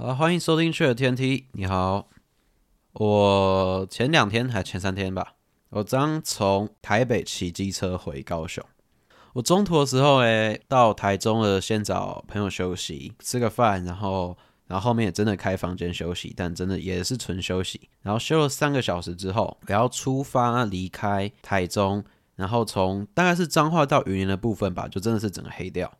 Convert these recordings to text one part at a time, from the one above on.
好，歡迎收聽《雀的天梯》。你好，我前兩天還是前三天吧，我剛從台北騎機車回高雄。我中途的時候，欸，到台中了，先找朋友休息吃個飯，然後，然後後面也真的開房間休息，但真的也是純休息。然後休了三個小時之後，然後出發離開台中，然後從大概是彰化到雲林的部分吧，就真的是整個黑掉。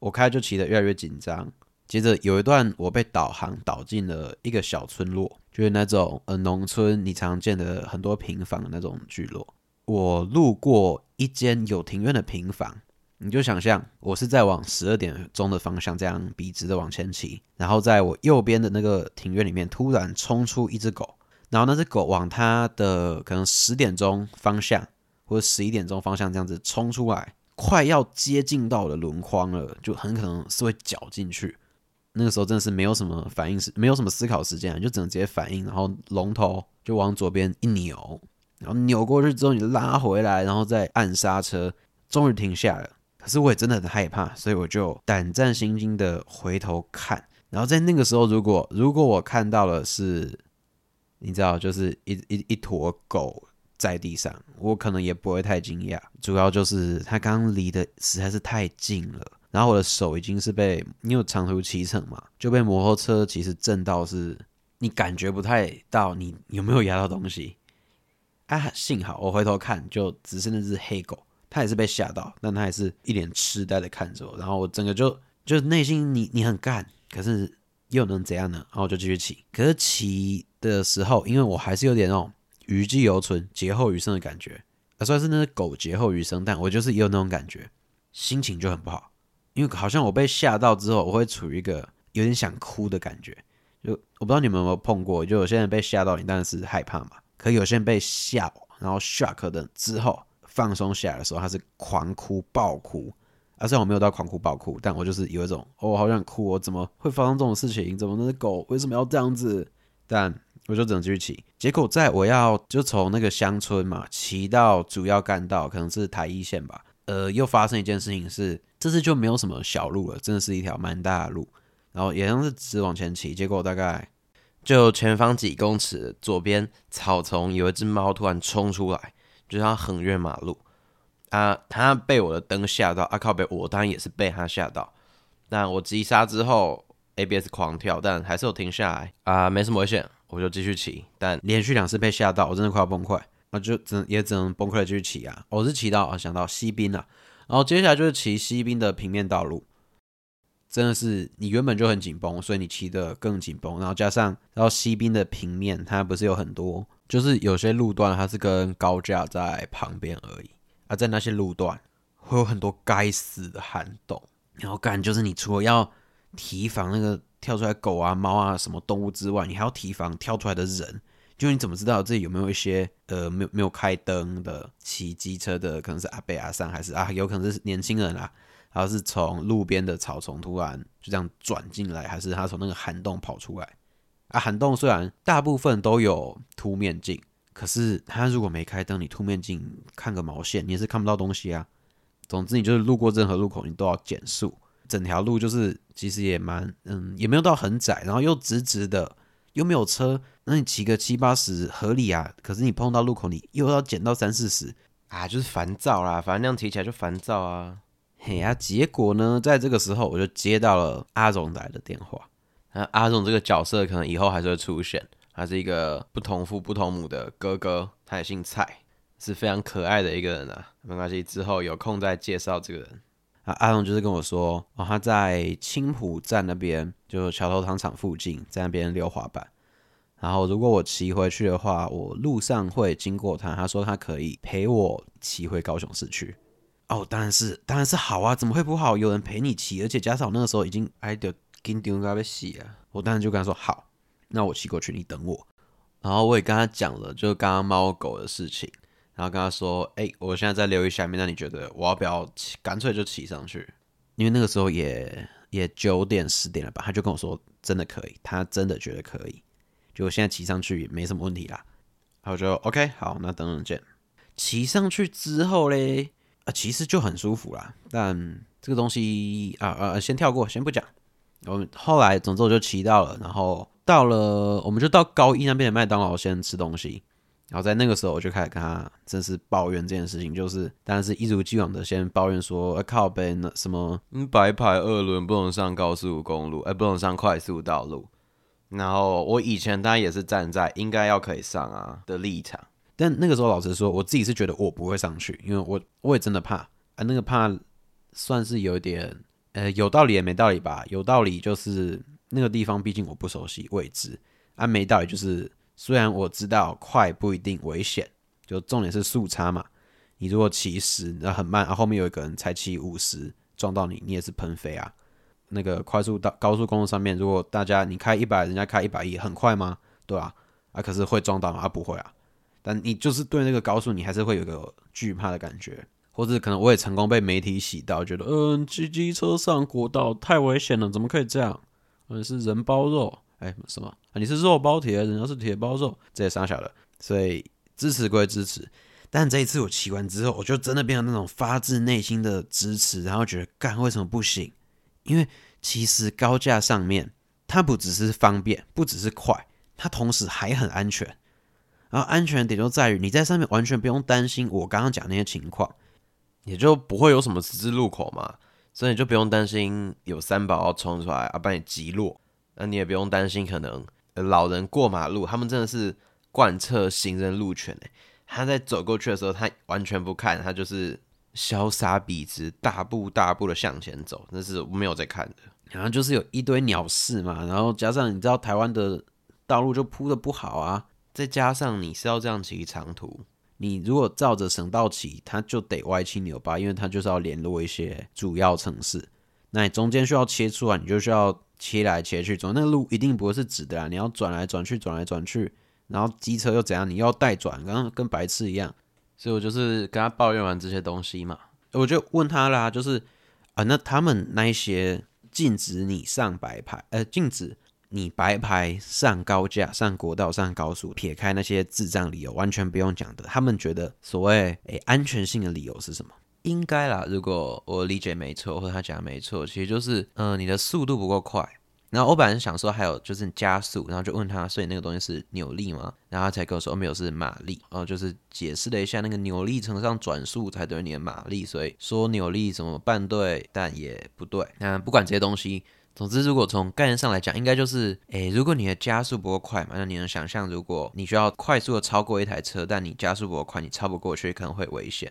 我開就騎得越來越緊張。接着有一段，我被導航導進了一個小村落，就是那種呃農村你常見的很多平房的那種聚落。我路過一間有庭院的平房，你就想象我是在往十二點鐘的方向這樣筆直的往前騎，然後在我右邊的那個庭院裡面突然衝出一隻狗，然後那隻狗往它的可能十點鐘方向或者十一點鐘方向這樣子衝出來，快要接近到我的輪框了，就很可能是會絞進去。那個時候真的是沒有什麼反應，沒有什麼思考時間，就只能直接反應，然後龍頭就往左邊一扭，然後扭過去之後，你拉回來，然後再按剎車，終於停下了。可是我也真的很害怕，所以我就膽戰心驚的回頭看。然後在那個時候，如果如果我看到的是，你知道，就是一一一坨狗在地上，我可能也不會太驚訝。主要就是它剛剛離的實在是太近了。然後我的手已經是被你有長途騎乘嘛，就被摩托車其實震到是，是你感覺不太到你，你有沒有壓到東西啊？幸好我回頭看，就只是那只黑狗，它也是被嚇到，但它也是一臉痴呆的看着我。然後我整個就就內心你你，很幹，可是又能怎樣呢？然後我就繼續騎。可是騎的時候，因為我還是有點那種餘悸猶存、劫後餘生的感覺。啊，算是那只狗劫後餘生，但我就是也有那種感覺，心情就很不好。因為好像我被嚇到之後，我會處於一個有點想哭的感覺，就我不知道你們有沒有碰過，就有些人被嚇到，你當然是害怕嘛，可有些人被嚇，然後 shock 的之後放鬆下來的時候，他是狂哭暴哭，啊，雖然我沒有到狂哭暴哭，但我就是有一種，哦，好想哭，我怎麼會發生這種事情？怎麼那只狗為什麼要這樣子？但我就只能繼續騎，結果在我要就從那個鄉村嘛騎到主要幹道，可能是台一線吧。呃，又發生一件事情是，這次就沒有什麼小路了，真的是一條蠻大的路，然後也像是直往前騎，結果我大概就前方幾公尺，左邊草叢有一隻貓突然衝出來，就它橫越馬路，啊，它被我的燈嚇到，啊，靠北，我當然也是被它嚇到，但我急剎之後，ABS 狂跳，但還是有停下來，啊，沒什麼危險，我就繼續騎，但連續兩次被嚇到，我真的快要崩潰。那、啊、就只能也只能崩潰的繼續騎啊！我、哦、是騎到啊想到西濱啊，然後接下來就是騎西濱的平面道路，真的是你原本就很緊繃，所以你騎得更緊繃，然後加上然後西濱的平面，它不是有很多，就是有些路段它是跟高架在旁邊而已，而、啊、在那些路段會有很多該死的涵洞，然後感覺就是你除了要提防那個跳出來的狗啊貓啊什麼動物之外，你還要提防跳出來的人。就你怎麼知道這裡有沒有一些呃沒有沒有開燈的騎機車的，可能是阿伯阿桑還是啊，有可能是年輕人啊，然後是從路邊的草叢突然就這樣轉進來，還是他是從那個涵洞跑出來？啊，涵洞雖然大部分都有凸面鏡，可是他如果沒開燈，你凸面鏡看個毛線，你也是看不到東西啊。總之，你就是路過任何路口，你都要減速。整條路就是其實也蠻嗯，也沒有到很窄，然後又直直的，又沒有車。那你騎個七八十合理啊，可是你碰到路口，你又要減到三四十啊，就是煩躁啦，反正那樣提起來就煩躁啊。嘿呀、啊，結果呢，在這個時候我就接到了阿總來的電話。那、啊、阿總這個角色可能以後還是會出現，他是一個不同父不同母的哥哥，他也姓蔡，是非常可愛的一個人啊。沒關係，之後有空再介紹這個人。啊，阿總就是跟我說，哦，他在青埔站那邊，就是橋頭糖廠附近，在那邊溜滑板。然後如果我騎回去的話，我路上會經過他。他說他可以陪我騎回高雄市區。哦，當然是，當然是好啊，怎麼會不好？有人陪你騎，而且加上我那個時候已經挨到金鼎那被洗啊，我當時就跟他說好，那我騎過去，你等我。然後我也跟他講了，就是、剛剛貓狗的事情，然後跟他說，哎、欸，我現在在留意下面，那你覺得我要不要騎？乾脆就騎上去，因為那個時候也也九點十點了吧？他就跟我說，真的可以，他真的覺得可以。就現在騎上去也沒什麼問題啦，然後就 OK 好，那等等見。騎上去之後嘞，啊其實就很舒服啦，但這個東西啊啊先跳過，先不講。我們後來總之我就騎到了，然後到了我們就到高一那邊的麥當勞先吃東西，然後在那個時候我就開始跟他正式抱怨這件事情，就是但是一如既往的先抱怨說，哎靠北什麼嗯白牌二輪不能上高速公路，哎、欸，不能上快速道路。然後我以前當然也是站在應該要可以上啊的立場，但那個時候老實說，我自己是覺得我不會上去，因為我我也真的怕啊。那個怕算是有點呃有道理也沒道理吧，有道理就是那個地方畢竟我不熟悉位置，啊，沒道理就是雖然我知道快不一定危險，就重點是速差嘛。你如果騎十那很慢，啊，後後面有一個人才騎五十，撞到你，你也是噴飛啊。那個快速道高速公路上面，如果大家你開一百，人家開一百一很快嗎？對啊，啊，可是會撞到嗎？啊、不會啊。但你就是對那個高速，你還是會有個懼怕的感覺，或者可能我也成功被媒體洗到，覺得嗯，騎、呃、機車上國道太危險了，怎麼可以這樣？嗯、呃，是人包肉，哎、欸，什麼、啊？你是肉包鐵，人家是鐵包肉，這些三小的？所以支持歸支持，但這一次我騎完之後，我就真的變成那種發自內心的支持，然後覺得幹，為什麼不行？因為其實高架上面，它不只是方便，不只是快，它同時還很安全。然後安全點就在於你在上面完全不用擔心我剛剛講那些情況，也就不會有什麼十字路口嘛，所以你就不用擔心有三寶要衝出來要、啊、把你擊落，那你也不用擔心可能老人過馬路，他們真的是貫徹行人路權、欸、他在走過去的時候他完全不看，他就是。瀟灑筆直，大步大步的向前走，那是我沒有在看的。然後，啊，就是有一堆鳥事嘛，然後加上你知道台灣的道路就鋪得不好啊，再加上你是要這樣騎長途，你如果照着省道騎，它就得歪七扭八，因為它就是要聯絡一些主要城市，那你中間需要切出來，你就需要切來切去，總那個路一定不會是直的啊，你要轉來轉去，轉來轉去，然後機車又怎樣，你要帶轉，剛剛跟白痴一樣。所以我就是跟他抱怨完這些東西嘛，我就問他啦，就是啊、呃，那他們那些禁止你上白牌，呃，禁止你白牌上高架、上國道、上高速，撇開那些智障理由，完全不用講的，他們覺得所謂誒、呃、安全性的理由是什麼？應該啦，如果我理解沒錯，或者他講的沒錯，其實就是呃你的速度不夠快。然後我本來想說還有就是加速，然後就問他，所以那個東西是扭力嗎？然後他才跟我說沒有，是馬力，然後就是解釋了一下那個扭力乘上轉速才等於你的馬力，所以說扭力怎麼辦對，但也不對。那不管這些東西，總之如果從概念上來講，應該就是，哎，如果你的加速不夠快嘛，那你能想象，如果你需要快速的超過一台車，但你加速不夠快，你超不過去可能會危險，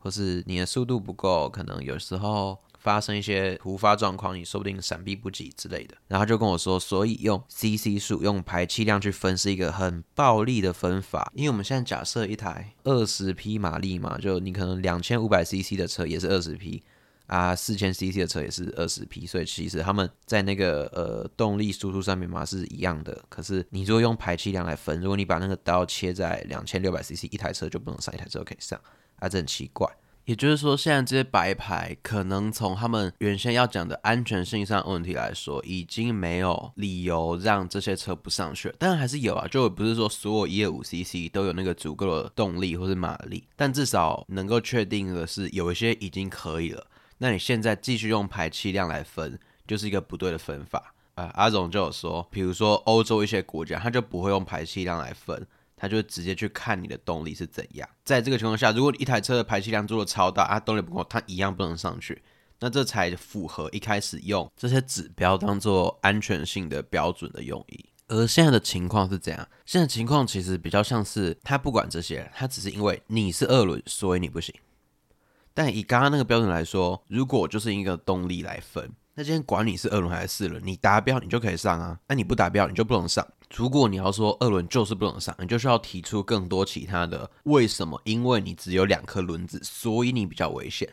或是你的速度不夠，可能有時候。發生一些突發狀況，你說不定閃避不及之類的，然後他就跟我說，所以用 C C 數用排氣量去分是一個很暴力的分法，因為我們現在假設一台二十匹馬力嘛，就你可能兩千五百 C C 的車也是二十匹啊，四千 C C 的車也是二十匹，所以其實他們在那個呃動力輸出上面嘛是一樣的，可是你如果用排氣量來分，如果你把那個刀切在兩千六百 C C，一台車就不能上，一台車可以上，啊，這很奇怪。也就是說，現在這些白牌可能從他們原先要講的安全性上的問題來說，已經沒有理由讓這些車不上去了。當然還是有啊，就不是說所有一二五 CC 都有那個足夠的動力或是馬力，但至少能夠確定的是，有一些已經可以了。那你現在繼續用排氣量來分，就是一個不對的分法啊、呃。阿總就有說，比如說歐洲一些國家，他就不會用排氣量來分。他就會直接去看你的動力是怎樣。在這個情況下，如果一台車的排氣量做的超大啊，動力不夠，它一樣不能上去。那這才符合一開始用這些指標當做安全性的標準的用意。而現在的情況是怎樣？現在情況其實比較像是，他不管這些，他只是因為你是二輪，所以你不行。但以剛剛那個標準來說，如果就是一個動力來分。那今天管你是二輪還是四輪，你達標你就可以上啊。那你不達標你就不能上。如果你要說二輪就是不能上，你就需要提出更多其他的，為什麼？因為你只有兩顆輪子，所以你比較危險。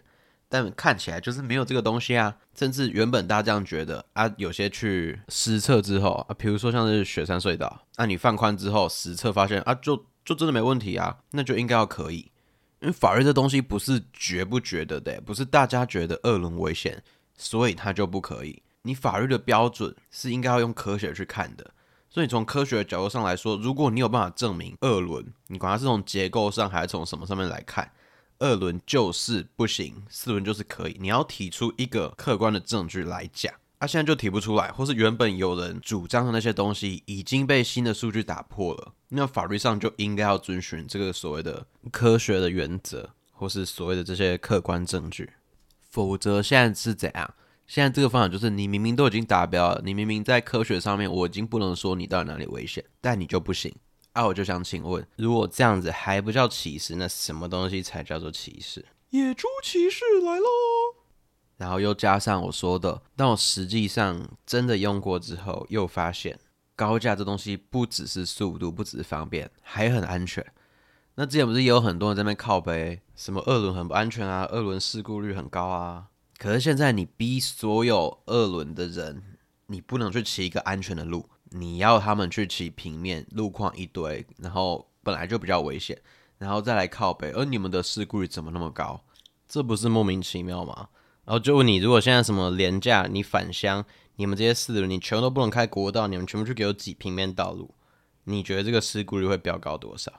但看起來就是沒有這個東西啊。甚至原本大家這樣覺得啊，有些去實測之後啊，比如說像是雪山隧道，那、啊、你放寬之後實測發現啊，就就真的沒問題啊，那就應該要可以。因為法律這東西不是覺不覺得的，的，不是大家覺得二輪危險。所以它就不可以。你法律的標準是應該要用科學去看的。所以從科學的角度上來說，如果你有辦法證明二輪，你管它是從結構上還是從什麼上面來看，二輪就是不行，四輪就是可以。你要提出一個客觀的證據來講，那、啊、現在就提不出來，或是原本有人主張的那些東西已經被新的數據打破了，那法律上就應該要遵循這個所謂的科學的原則，或是所謂的這些客觀證據。否則現在是怎樣？現在這個方法就是你明明都已經達標了，你明明在科學上面我已經不能說你到哪裡危險，但你就不行。啊，我就想請問，如果這樣子還不叫歧視，那什麼東西才叫做歧視？野豬騎士來咯。然後又加上我說的，但我實際上真的用過之後，又發現高架這東西不只是速度，不只是方便，還很安全。那之前不是也有很多人在那邊靠背，什麼二輪很不安全啊，二輪事故率很高啊。可是現在你逼所有二輪的人，你不能去騎一個安全的路，你要他們去騎平面，路況一堆，然後本來就比較危險，然後再來靠背。而你們的事故率怎麼那麼高？這不是莫名其妙嗎？然後就問你，如果現在什麼連假，你返鄉，你們這些四輪，你全都不能開國道，你們全部去給我擠平面道路，你覺得這個事故率會飆高多少？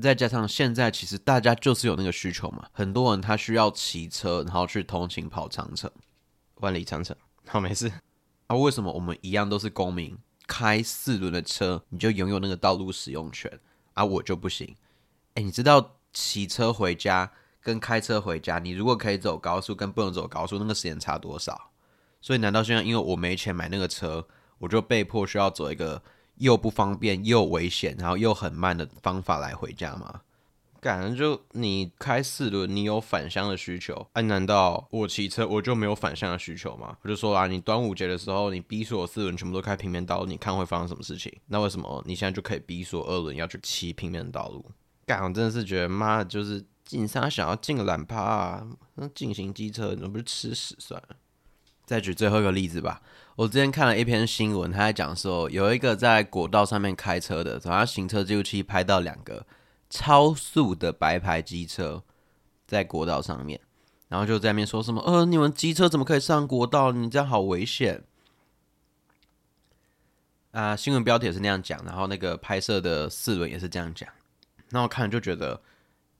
再加上現在其實大家就是有那個需求嘛，很多人他需要騎車，然後去通勤跑長城，萬里長城。好，沒事。啊，為什麼我們一樣都是公民，開四輪的車你就擁有那個道路使用權，而、啊、我就不行？哎、欸，你知道騎車回家跟開車回家，你如果可以走高速跟不能走高速，那個時間差多少？所以難道現在因為我沒錢買那個車，我就被迫需要走一個？又不方便又危險，然後又很慢的方法來回家嗎？感覺就你開四輪，你有返鄉的需求。哎、啊，難道我騎車我就沒有返鄉的需求嗎？我就說啊，你端午節的時候，你逼所有四輪全部都開平面道路，你看會發生什麼事情？那為什麼你現在就可以逼說二輪要去騎平面道路？感我真的是覺得媽的，就是進山想要進個懶趴、啊，那進行機車，那不是吃屎算了？再舉最後一個例子吧。我之前看了一篇新聞，他在講說，有一個在國道上面開車的，從他行車記錄器拍到兩個超速的白牌機車在國道上面，然後就在那邊說什麼：“呃，你們機車怎麼可以上國道？你這樣好危險。”啊，新聞標題也是那樣講，然後那個拍攝的四輪也是這樣講，那我看了就覺得，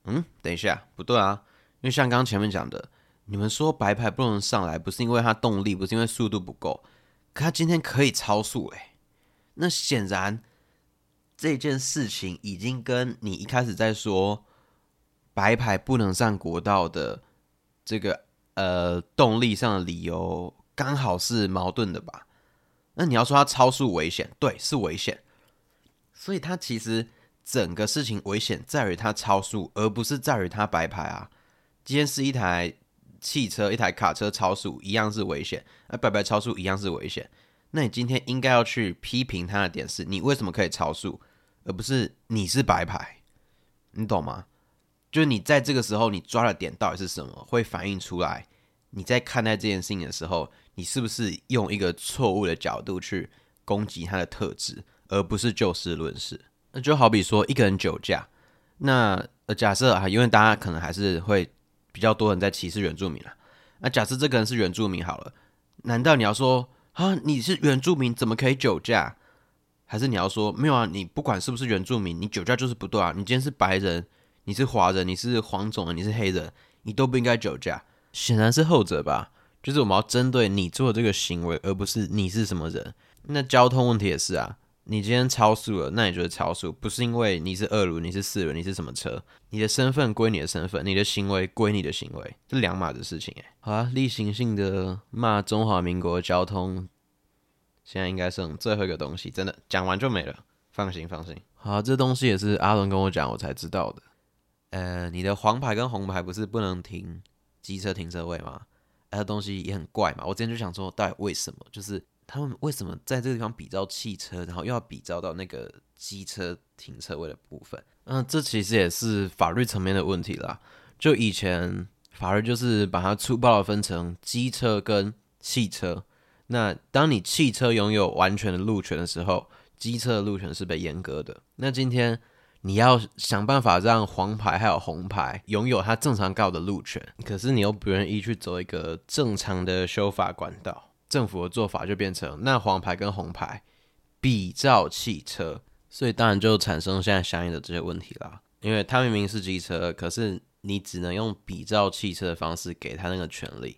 嗯，等一下，不對啊，因為像剛前面講的。你們說白牌不能上來，不是因為它動力，不是因為速度不夠，可它今天可以超速誒，那顯然這件事情已經跟你一開始在說白牌不能上國道的這個呃動力上的理由剛好是矛盾的吧？那你要說他超速危險，對，是危險。所以他其實整個事情危險在於他超速，而不是在於他白牌啊。今天是一台。汽車一台卡車超速一樣是危險，啊，白牌超速一樣是危險。那你今天應該要去批評他的點是，你為什麼可以超速，而不是你是白牌？你懂嗎？就是你在這個時候你抓的點到底是什麼，會反映出來你在看待這件事情的時候，你是不是用一個錯誤的角度去攻擊他的特質，而不是就事論事？那就好比說一個人酒駕，那呃，假設啊，因為大家可能還是會。比較多人在歧視原住民了。那假設這個人是原住民好了，難道你要說，啊你是原住民怎麼可以酒駕？還是你要說沒有啊？你不管是不是原住民，你酒駕就是不對啊。你今天是白人，你是華人，你是黃種人，你是黑人，你都不應該酒駕。顯然是後者吧？就是我們要針對你做的這個行為，而不是你是什麼人。那交通問題也是啊。你今天超速了，那你就是超速，不是因為你是二輪、你是四輪、你是什麼車，你的身份歸你的身份，你的行為歸你的行為，這兩碼子事情哎。好啊，例行性的罵中華民國交通，現在應該剩最後一個東西，真的講完就沒了，放心放心。好啊，這東西也是阿倫跟我講，我才知道的。呃，你的黃牌跟紅牌不是不能停機車停車位嗎？啊，這東西也很怪嘛，我之前就想說，到底為什麼，就是。他們為什麼在這個地方比照汽車，然後又要比照到那個機車停車位的部分？那、呃、這其實也是法律層面的問題啦。就以前法律就是把它粗暴的分成機車跟汽車。那當你汽車擁有完全的路權的時候，機車的路權是被閹割的。那今天你要想辦法讓黃牌還有紅牌擁有它正常高的路權，可是你又不願意去走一個正常的修法管道。政府的做法就變成那黃牌跟紅牌比照汽車，所以當然就產生現在相應的這些問題啦。因為它明明是機車，可是你只能用比照汽車的方式給他那個權利，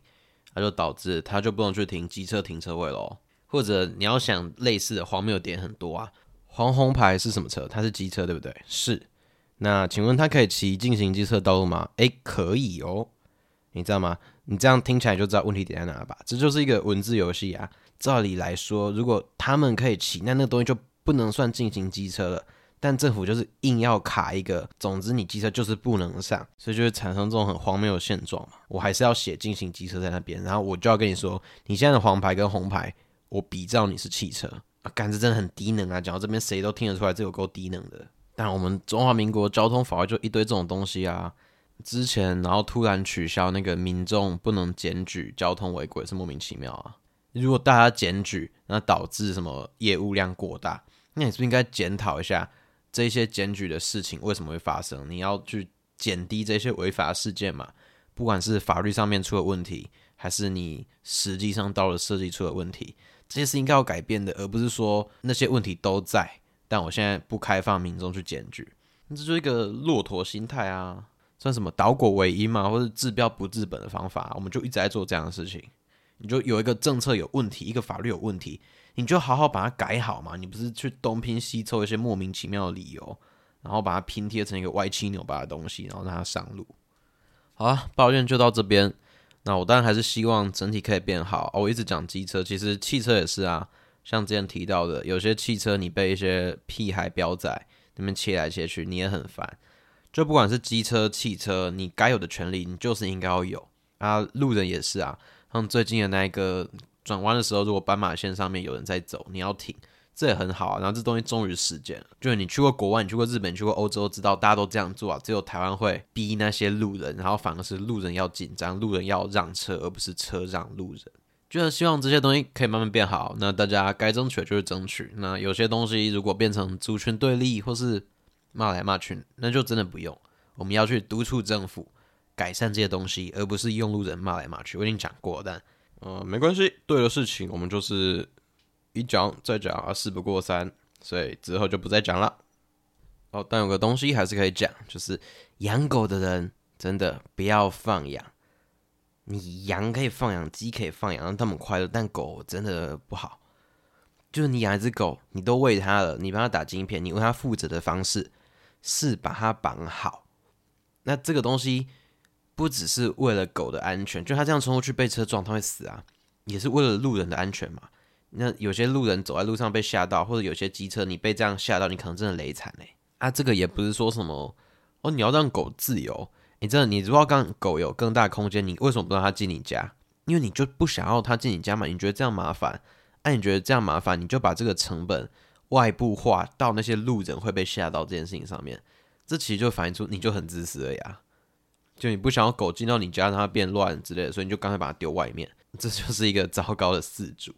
那就導致他就不能去停機車停車位咯。或者你要想類似的荒謬點很多啊。黃紅牌是什麼車？它是機車，對不對？是。那請問它可以騎進行機車道路嗎？誒、欸，可以哦。你知道嗎？你這樣聽起來就知道問題點在哪了吧？這就是一個文字遊戲啊！照理來說，如果他們可以騎，那那個東西就不能算禁行機車了。但政府就是硬要卡一個，總之你機車就是不能上，所以就會產生這種很荒謬的現狀嘛。我還是要寫禁行機車在那邊，然後我就要跟你說，你現在的黃牌跟紅牌，我比照你是汽車啊，感覺真的很低能啊！講到這邊，誰都聽得出來，這有夠低能的。但我們中華民國交通法規就一堆這種東西啊。之前，然後突然取消那個民眾不能檢舉交通違規，是莫名其妙啊！如果大家檢舉，那導致什麼業務量過大，那你是不是應該檢討一下這些檢舉的事情為什麼會發生？你要去減低這些違法事件嘛？不管是法律上面出了問題，還是你實際上到了設計出了問題，這些是應該要改變的，而不是說那些問題都在，但我現在不開放民眾去檢舉，這就是一個駱駝心態啊！算什麼倒果為因嘛，或者治標不治本的方法，啊，我們就一直在做這樣的事情。你就有一個政策有問題，一個法律有問題，你就好好把它改好嘛。你不是去東拼西湊一些莫名其妙的理由，然後把它拼貼成一個歪七扭八的東西，然後讓它上路。好啊，抱怨就到這邊。那我當然還是希望整體可以變好。哦、我一直講機車，其實汽車也是啊。像之前提到的，有些汽車你被一些屁孩飆仔那邊切來切去，你也很煩。就不管是機車、汽車，你該有的權利，你就是應該要有啊。路人也是啊，像最近的那一個轉彎的時候，如果斑馬線上面有人在走，你要停，這也很好啊。然後這東西終於實踐了，就是你去過國外，你去過日本，去過歐洲，知道大家都這樣做啊。只有台灣會逼那些路人，然後反而是路人要緊張，路人要讓車，而不是車讓路人。就是希望這些東西可以慢慢變好。那大家該爭取的就是爭取。那有些東西如果變成族群對立，或是……罵來罵去，那就真的不用。我們要去督促政府改善這些東西，而不是用路人罵來罵去。我已經講過，但呃，沒關係。對的事情，我們就是一講再講啊，事不過三，所以之後就不再講了。哦，但有個東西還是可以講，就是養狗的人真的不要放養。你羊可以放養，雞可以放養，讓他們快樂。但狗真的不好，就是你養一隻狗，你都餵它了，你幫它打晶片，你為它負責的方式。是把它綁好，那這個東西不只是為了狗的安全，就它這樣衝過去被車撞，它會死啊，也是為了路人的安全嘛。那有些路人走在路上被嚇到，或者有些機車你被這樣嚇到，你可能真的雷慘嘞。啊，這個也不是說什麼哦，你要讓狗自由，你真的。你如果要讓狗有更大的空間，你為什麼不讓它進你家？因為你就不想要它進你家嘛，你覺得這樣麻煩，那、啊、你覺得這樣麻煩，你就把這個成本。外部化到那些路人會被嚇到這件事情上面，這其實就反映出你就很自私了呀。就你不想要狗進到你家讓它變亂之類的，所以你就乾脆把它丟外面，這就是一個糟糕的飼主。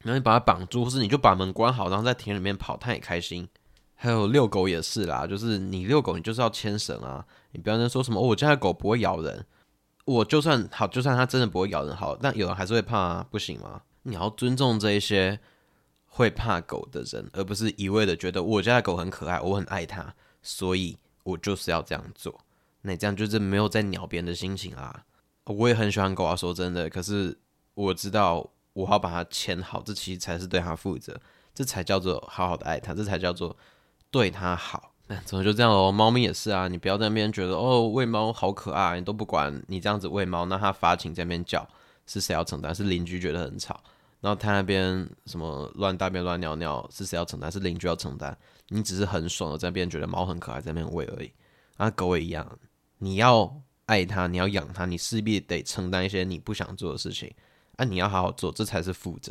然後你把它綁住，或是你就把門關好，然後在田裡面跑，它也開心。還有遛狗也是啦，就是你遛狗你就是要牽繩啊。你不要再說什麼，哦，我家的狗不會咬人，我就算好，就算它真的不會咬人好，但有人還是會怕啊，不行嗎？你要尊重這一些。會怕狗的人，而不是一味的覺得我家的狗很可愛，我很愛它，所以我就是要這樣做。那你這樣就是沒有在鳥別人的心情啊。我也很喜歡狗啊，說真的，可是我知道我要把它牽好，這其實才是對它負責，這才叫做好好的愛它，這才叫做對它好。那怎麼就這樣嘍，哦。貓咪也是啊，你不要在那邊覺得哦，餵貓好可愛，你都不管，你這樣子餵貓，那它發情在那邊叫，是誰要承擔？是鄰居覺得很吵。然後他那邊什麼亂大便亂尿尿是誰要承擔？是鄰居要承擔。你只是很爽的在那邊覺得貓很可愛在那邊餵而已。啊，狗也一樣，你要愛它，你要養它，你勢必得承擔一些你不想做的事情。啊，那你要好好做，這才是負責。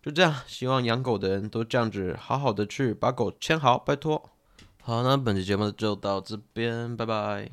就這樣，希望養狗的人都這樣子好好的去把狗牽好，拜托。好，那本期節目就到這邊，拜拜。